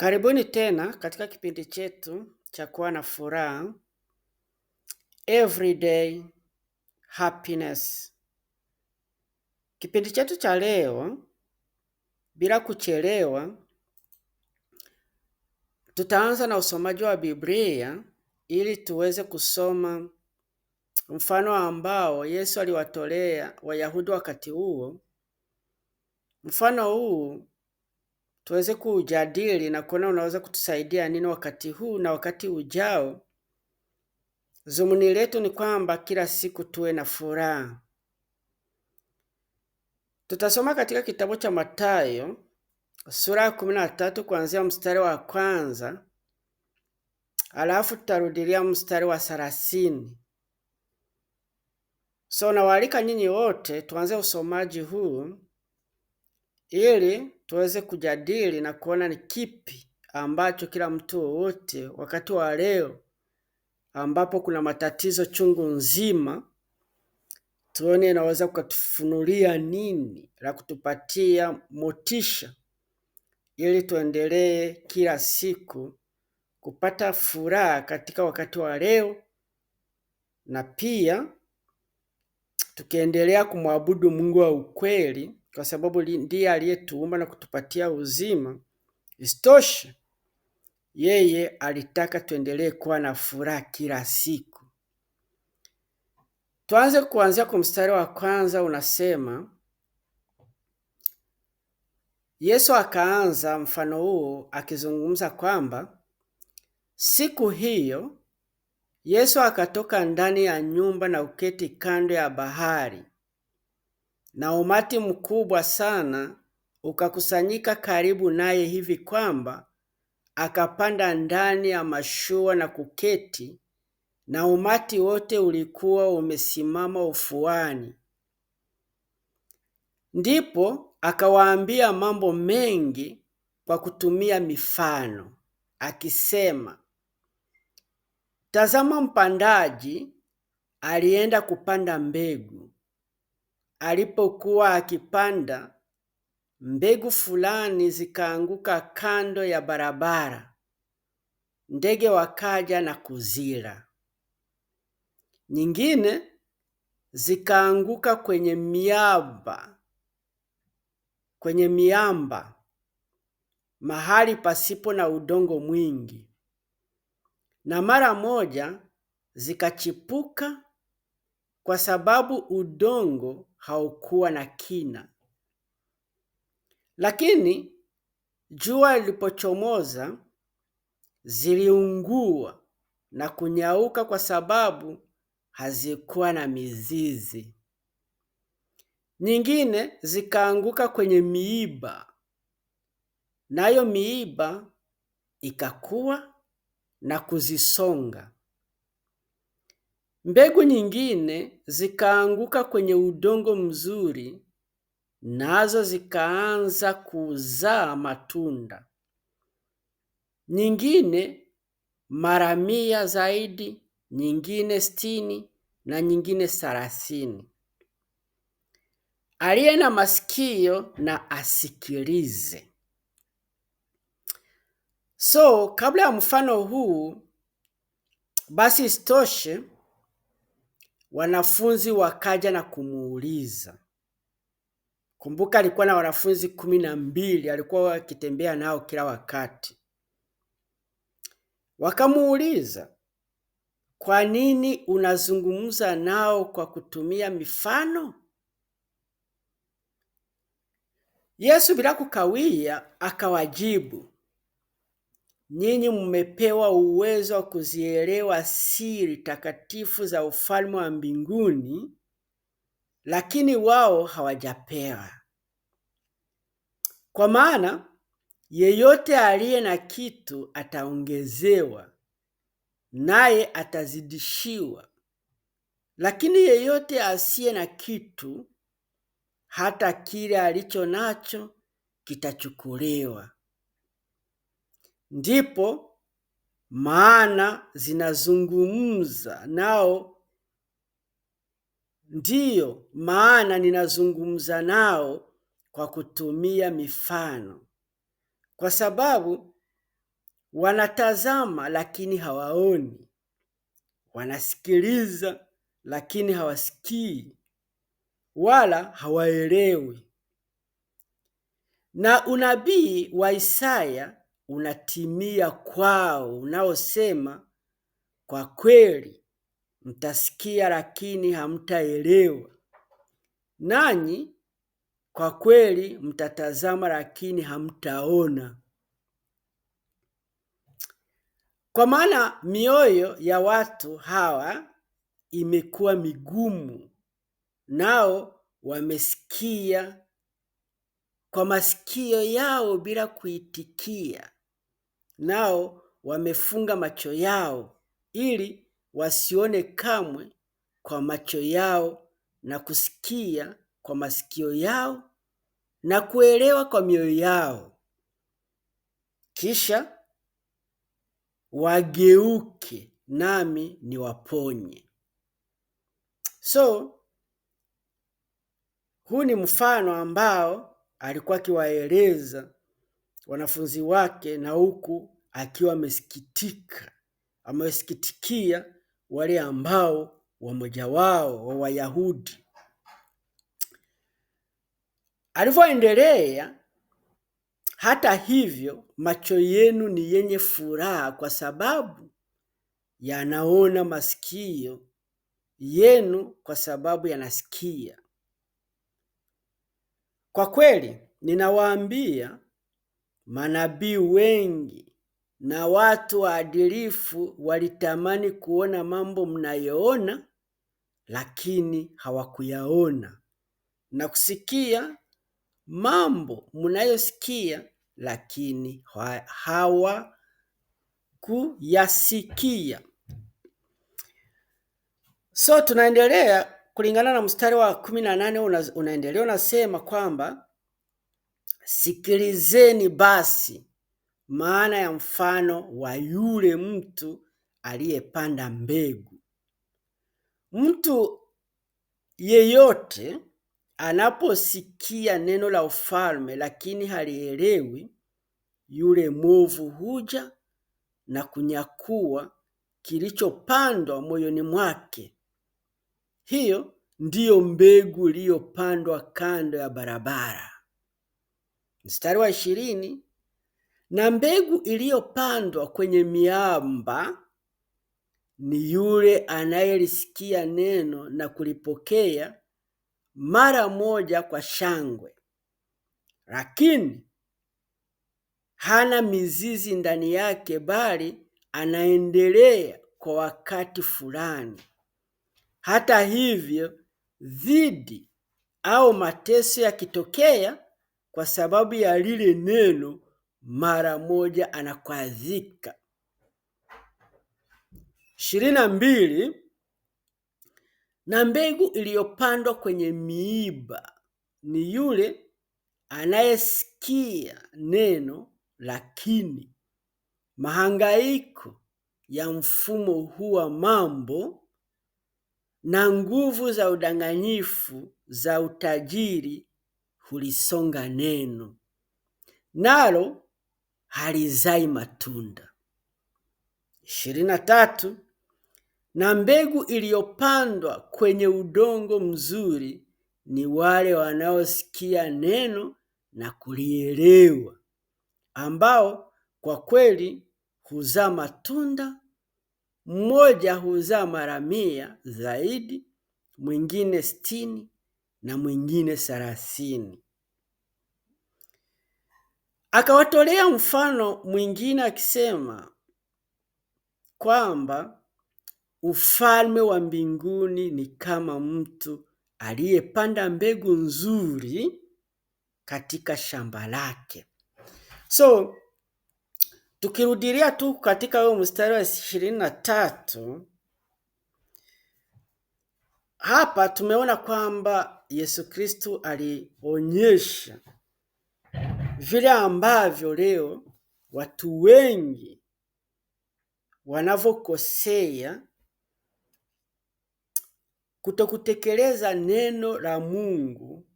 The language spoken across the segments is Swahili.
Karibuni tena katika kipindi chetu cha kuwa na furaha Everyday Happiness. Kipindi chetu cha leo, bila kuchelewa, tutaanza na usomaji wa Biblia ili tuweze kusoma mfano ambao Yesu aliwatolea Wayahudi wakati huo. Mfano huu tuweze kujadili na kuona unaweza kutusaidia nini wakati huu na wakati ujao. Zumuni letu ni kwamba kila siku tuwe na furaha. Tutasoma katika kitabu cha Mathayo sura ya kumi na tatu kuanzia mstari wa kwanza alafu tutarudilia mstari wa thelathini. So nawaalika nyinyi wote tuanze usomaji huu ili tuweze kujadili na kuona ni kipi ambacho kila mtu wote wakati wa leo ambapo kuna matatizo chungu nzima, tuone inaweza kukatufunulia nini la kutupatia motisha ili tuendelee kila siku kupata furaha katika wakati wa leo, na pia tukiendelea kumwabudu Mungu wa ukweli kwa sababu ndiye aliyetuumba na kutupatia uzima. Isitoshe, yeye alitaka tuendelee kuwa na furaha kila siku. Tuanze kuanzia kwa mstari wa kwanza, unasema Yesu akaanza mfano huo akizungumza kwamba siku hiyo Yesu akatoka ndani ya nyumba na uketi kando ya bahari, na umati mkubwa sana ukakusanyika karibu naye hivi kwamba akapanda ndani ya mashua na kuketi, na umati wote ulikuwa umesimama ufuani. Ndipo akawaambia mambo mengi kwa kutumia mifano akisema, tazama, mpandaji alienda kupanda mbegu alipokuwa akipanda, mbegu fulani zikaanguka kando ya barabara, ndege wakaja na kuzila. Nyingine zikaanguka kwenye miamba, kwenye miamba mahali pasipo na udongo mwingi, na mara moja zikachipuka kwa sababu udongo haukuwa na kina. Lakini jua lilipochomoza, ziliungua na kunyauka kwa sababu hazikuwa na mizizi. Nyingine zikaanguka kwenye miiba, nayo miiba ikakua na kuzisonga. Mbegu nyingine zikaanguka kwenye udongo mzuri, nazo zikaanza kuzaa matunda, nyingine mara mia zaidi, nyingine sitini na nyingine thelathini. Aliye na masikio na asikilize. So kabla ya mfano huu basi, isitoshe Wanafunzi wakaja na kumuuliza. Kumbuka alikuwa na wanafunzi kumi na mbili, alikuwa akitembea nao kila wakati. Wakamuuliza, kwa nini unazungumza nao kwa kutumia mifano? Yesu bila kukawia akawajibu, Nyinyi mmepewa uwezo wa kuzielewa siri takatifu za ufalme wa mbinguni, lakini wao hawajapewa. Kwa maana yeyote aliye na kitu ataongezewa, naye atazidishiwa, lakini yeyote asiye na kitu, hata kile alicho nacho kitachukuliwa ndipo maana zinazungumza nao, ndiyo maana ninazungumza nao kwa kutumia mifano, kwa sababu wanatazama lakini hawaoni, wanasikiliza lakini hawasikii wala hawaelewi. Na unabii wa Isaya unatimia kwao, unaosema kwa kweli mtasikia lakini hamtaelewa, nanyi kwa kweli mtatazama lakini hamtaona. Kwa maana mioyo ya watu hawa imekuwa migumu, nao wamesikia kwa masikio yao bila kuitikia, nao wamefunga macho yao ili wasione kamwe kwa macho yao na kusikia kwa masikio yao na kuelewa kwa mioyo yao, kisha wageuke nami niwaponye. So huu ni mfano ambao alikuwa akiwaeleza wanafunzi wake na huku akiwa amesikitika, amesikitikia wale ambao wamoja wao wa Wayahudi. Alivyoendelea, hata hivyo macho yenu ni yenye furaha kwa sababu yanaona, masikio yenu kwa sababu yanasikia. Kwa kweli ninawaambia Manabii wengi na watu waadilifu walitamani kuona mambo mnayoona, lakini hawakuyaona na kusikia mambo mnayosikia, lakini hawakuyasikia. So tunaendelea kulingana na mstari wa kumi na nane una, unaendelea unasema kwamba Sikilizeni basi maana ya mfano wa yule mtu aliyepanda mbegu. Mtu yeyote anaposikia neno la ufalme lakini halielewi, yule mwovu huja na kunyakua kilichopandwa moyoni mwake. Hiyo ndiyo mbegu iliyopandwa kando ya barabara mstari wa ishirini, na mbegu iliyopandwa kwenye miamba ni yule anayelisikia neno na kulipokea mara moja kwa shangwe, lakini hana mizizi ndani yake, bali anaendelea kwa wakati fulani. Hata hivyo, dhidi au mateso yakitokea, kwa sababu ya lile neno, mara moja anakwazika. ishirini na mbili na mbegu iliyopandwa kwenye miiba ni yule anayesikia neno, lakini mahangaiko ya mfumo huu wa mambo na nguvu za udanganyifu za utajiri kulisonga neno, nalo halizai matunda. ishirini na tatu na mbegu iliyopandwa kwenye udongo mzuri ni wale wanaosikia neno na kulielewa, ambao kwa kweli huzaa matunda. Mmoja huzaa mara mia zaidi, mwingine sitini, na mwingine thelathini. Akawatolea mfano mwingine akisema kwamba ufalme wa mbinguni ni kama mtu aliyepanda mbegu nzuri katika shamba lake. So tukirudilia tu katika huo mstari wa ishirini na tatu hapa tumeona kwamba Yesu Kristo alionyesha vile ambavyo leo watu wengi wanavyokosea kutokutekeleza neno la Mungu,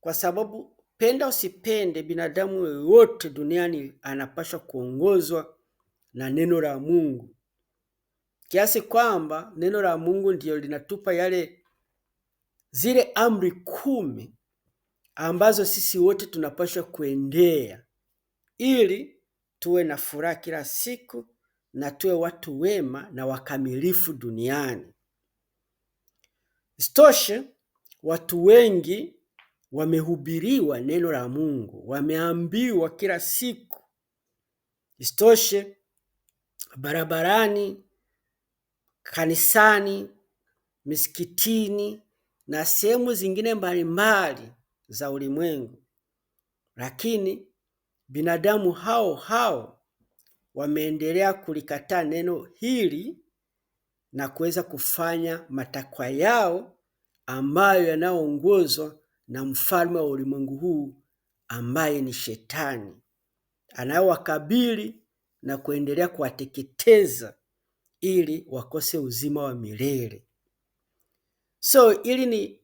kwa sababu penda usipende, binadamu yoyote duniani anapaswa kuongozwa na neno la Mungu, kiasi kwamba neno la Mungu ndiyo linatupa yale zile amri kumi ambazo sisi wote tunapaswa kuendea ili tuwe na furaha kila siku na tuwe watu wema na wakamilifu duniani. Isitoshe, watu wengi wamehubiriwa neno la Mungu, wameambiwa kila siku. Isitoshe, barabarani, kanisani, misikitini na sehemu zingine mbalimbali za ulimwengu, lakini binadamu hao hao wameendelea kulikataa neno hili na kuweza kufanya matakwa yao ambayo yanayoongozwa na mfalme wa ulimwengu huu ambaye ni Shetani, anayowakabili na kuendelea kuwateketeza ili wakose uzima wa milele. So hili ni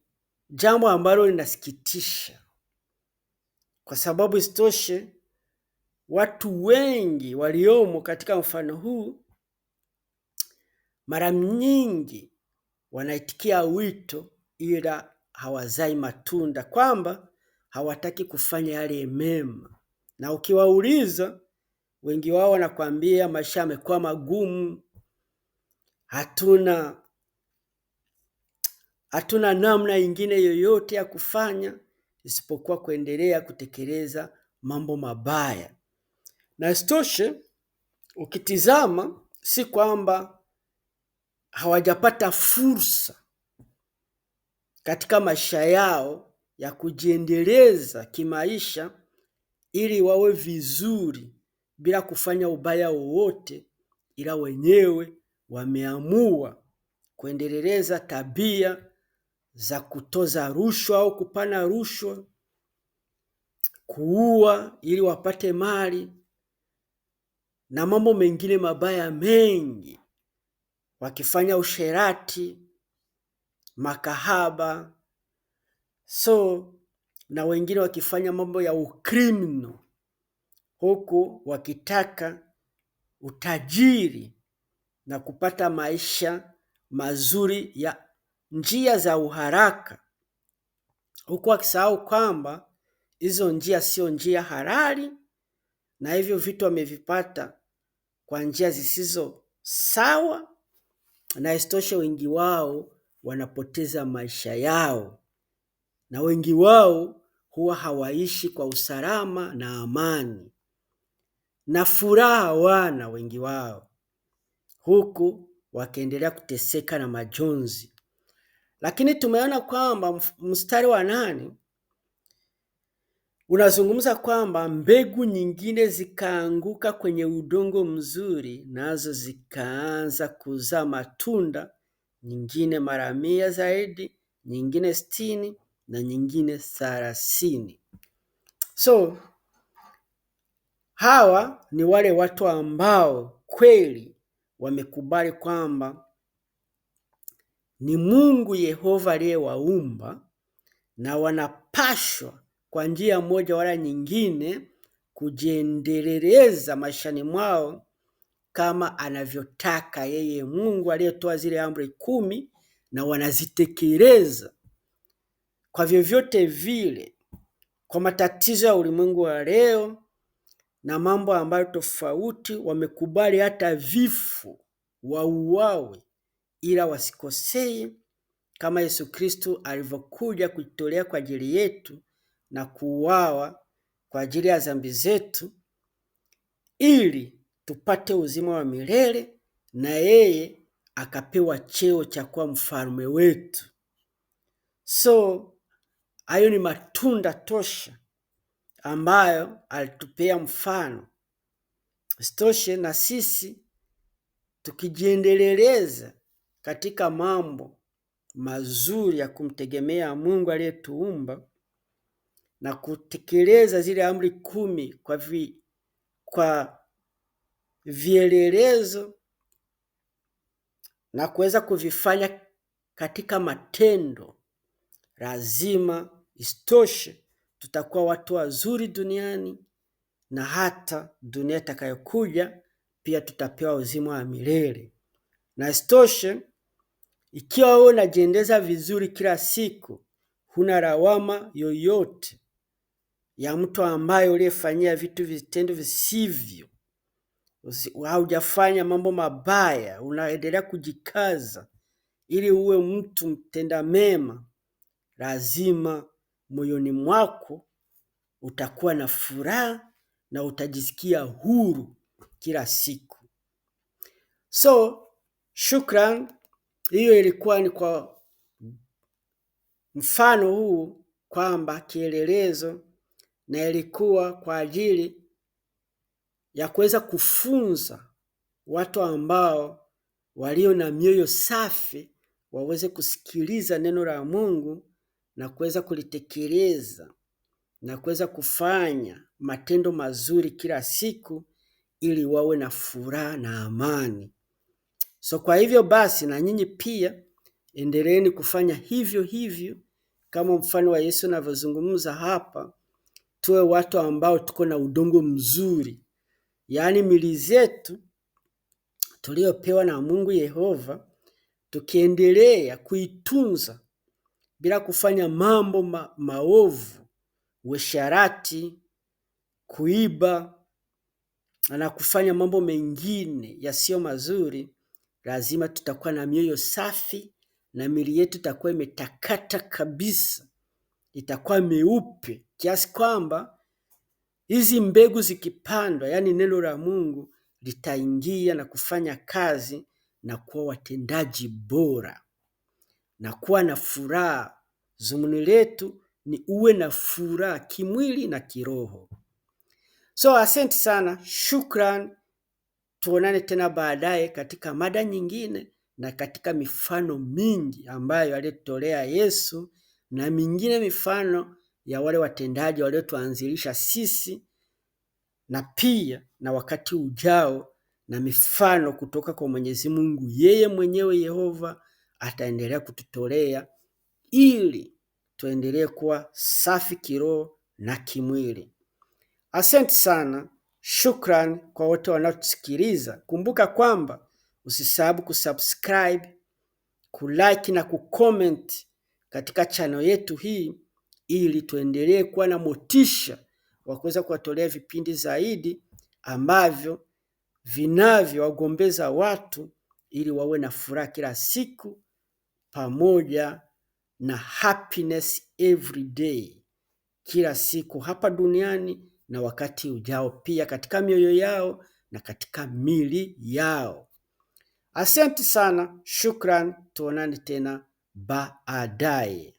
jambo ambalo linasikitisha, kwa sababu isitoshe watu wengi waliomo katika mfano huu mara nyingi wanaitikia wito ila hawazai matunda, kwamba hawataki kufanya yale mema, na ukiwauliza wengi wao wanakwambia maisha yamekuwa magumu, hatuna Hatuna namna ingine yoyote ya kufanya isipokuwa kuendelea kutekeleza mambo mabaya. Na isitoshe, ukitizama si kwamba hawajapata fursa katika maisha yao ya kujiendeleza kimaisha ili wawe vizuri bila kufanya ubaya wowote, ila wenyewe wameamua kuendeleza tabia za kutoza rushwa au kupana rushwa, kuua ili wapate mali na mambo mengine mabaya mengi, wakifanya usherati, makahaba so na wengine wakifanya mambo ya ukrimino, huku wakitaka utajiri na kupata maisha mazuri ya njia za uharaka, huku akisahau kwamba hizo njia sio njia halali na hivyo vitu wamevipata kwa njia zisizo sawa, na isitoshe wengi wao wanapoteza maisha yao, na wengi wao huwa hawaishi kwa usalama na amani na furaha wana wengi wao, huku wakiendelea kuteseka na majonzi lakini tumeona kwamba mstari wa nane unazungumza kwamba mbegu nyingine zikaanguka kwenye udongo mzuri, nazo zikaanza kuzaa matunda, nyingine mara mia zaidi, nyingine sitini na nyingine thelathini. So hawa ni wale watu ambao kweli wamekubali kwamba ni Mungu Yehova aliyewaumba na wanapashwa kwa njia moja wala nyingine kujiendeleleza maishani mwao kama anavyotaka yeye Mungu aliyetoa zile amri kumi na wanazitekeleza kwa vyovyote vile. Kwa matatizo ya ulimwengu wa leo na mambo ambayo tofauti, wamekubali hata vifo wauawe ila wasikosee, kama Yesu Kristo alivyokuja kujitolea kwa ajili yetu na kuuawa kwa ajili ya dhambi zetu ili tupate uzima wa milele, na yeye akapewa cheo cha kuwa mfalme wetu. So hayo ni matunda tosha ambayo alitupea mfano. sitoshe na sisi tukijiendeleleza katika mambo mazuri ya kumtegemea Mungu aliyetuumba na kutekeleza zile amri kumi kwa, vi, kwa vielelezo na kuweza kuvifanya katika matendo, lazima istoshe tutakuwa watu wazuri duniani na hata dunia itakayokuja pia tutapewa uzima wa milele. Na istoshe, ikiwa wewe unajiendeza vizuri kila siku, huna lawama yoyote ya mtu ambaye uliyefanyia vitu vitendo visivyo, haujafanya mambo mabaya, unaendelea kujikaza ili uwe mtu mtenda mema, lazima moyoni mwako utakuwa na furaha na utajisikia huru kila siku. So, shukran hiyo ilikuwa ni kwa mfano huu kwamba kielelezo, na ilikuwa kwa ajili ya kuweza kufunza watu ambao walio na mioyo safi waweze kusikiliza neno la Mungu na kuweza kulitekeleza na kuweza kufanya matendo mazuri kila siku ili wawe na furaha na amani So kwa hivyo basi, na nyinyi pia endeleeni kufanya hivyo hivyo kama mfano wa Yesu anavyozungumza hapa, tuwe watu ambao tuko na udongo mzuri, yaani mili zetu tuliyopewa na Mungu Yehova, tukiendelea kuitunza bila kufanya mambo ma maovu, uasherati, kuiba na kufanya mambo mengine yasiyo mazuri, lazima tutakuwa na mioyo safi na mili yetu itakuwa imetakata kabisa, itakuwa meupe kiasi kwamba hizi mbegu zikipandwa, yaani neno la Mungu litaingia na kufanya kazi na kuwa watendaji bora na kuwa na furaha. Zumuni letu ni uwe na furaha kimwili na kiroho. So asante sana, shukran. Tuonane tena baadaye katika mada nyingine na katika mifano mingi ambayo aliyotolea Yesu na mingine mifano ya wale watendaji waliotuanzilisha sisi na pia na wakati ujao na mifano kutoka kwa Mwenyezi Mungu yeye mwenyewe Yehova ataendelea kututolea ili tuendelee kuwa safi kiroho na kimwili. Asante sana. Shukran kwa wote wanaotusikiliza. Kumbuka kwamba usisahau kusubscribe, kulike na kucomment katika chano yetu hii ili tuendelee kuwa na motisha wa kuweza kuwatolea vipindi zaidi ambavyo vinavyowagombeza watu ili wawe na furaha kila siku pamoja na happiness every day, kila siku hapa duniani na wakati ujao pia katika mioyo yao na katika mili yao. Asante sana, shukran, tuonane tena baadaye.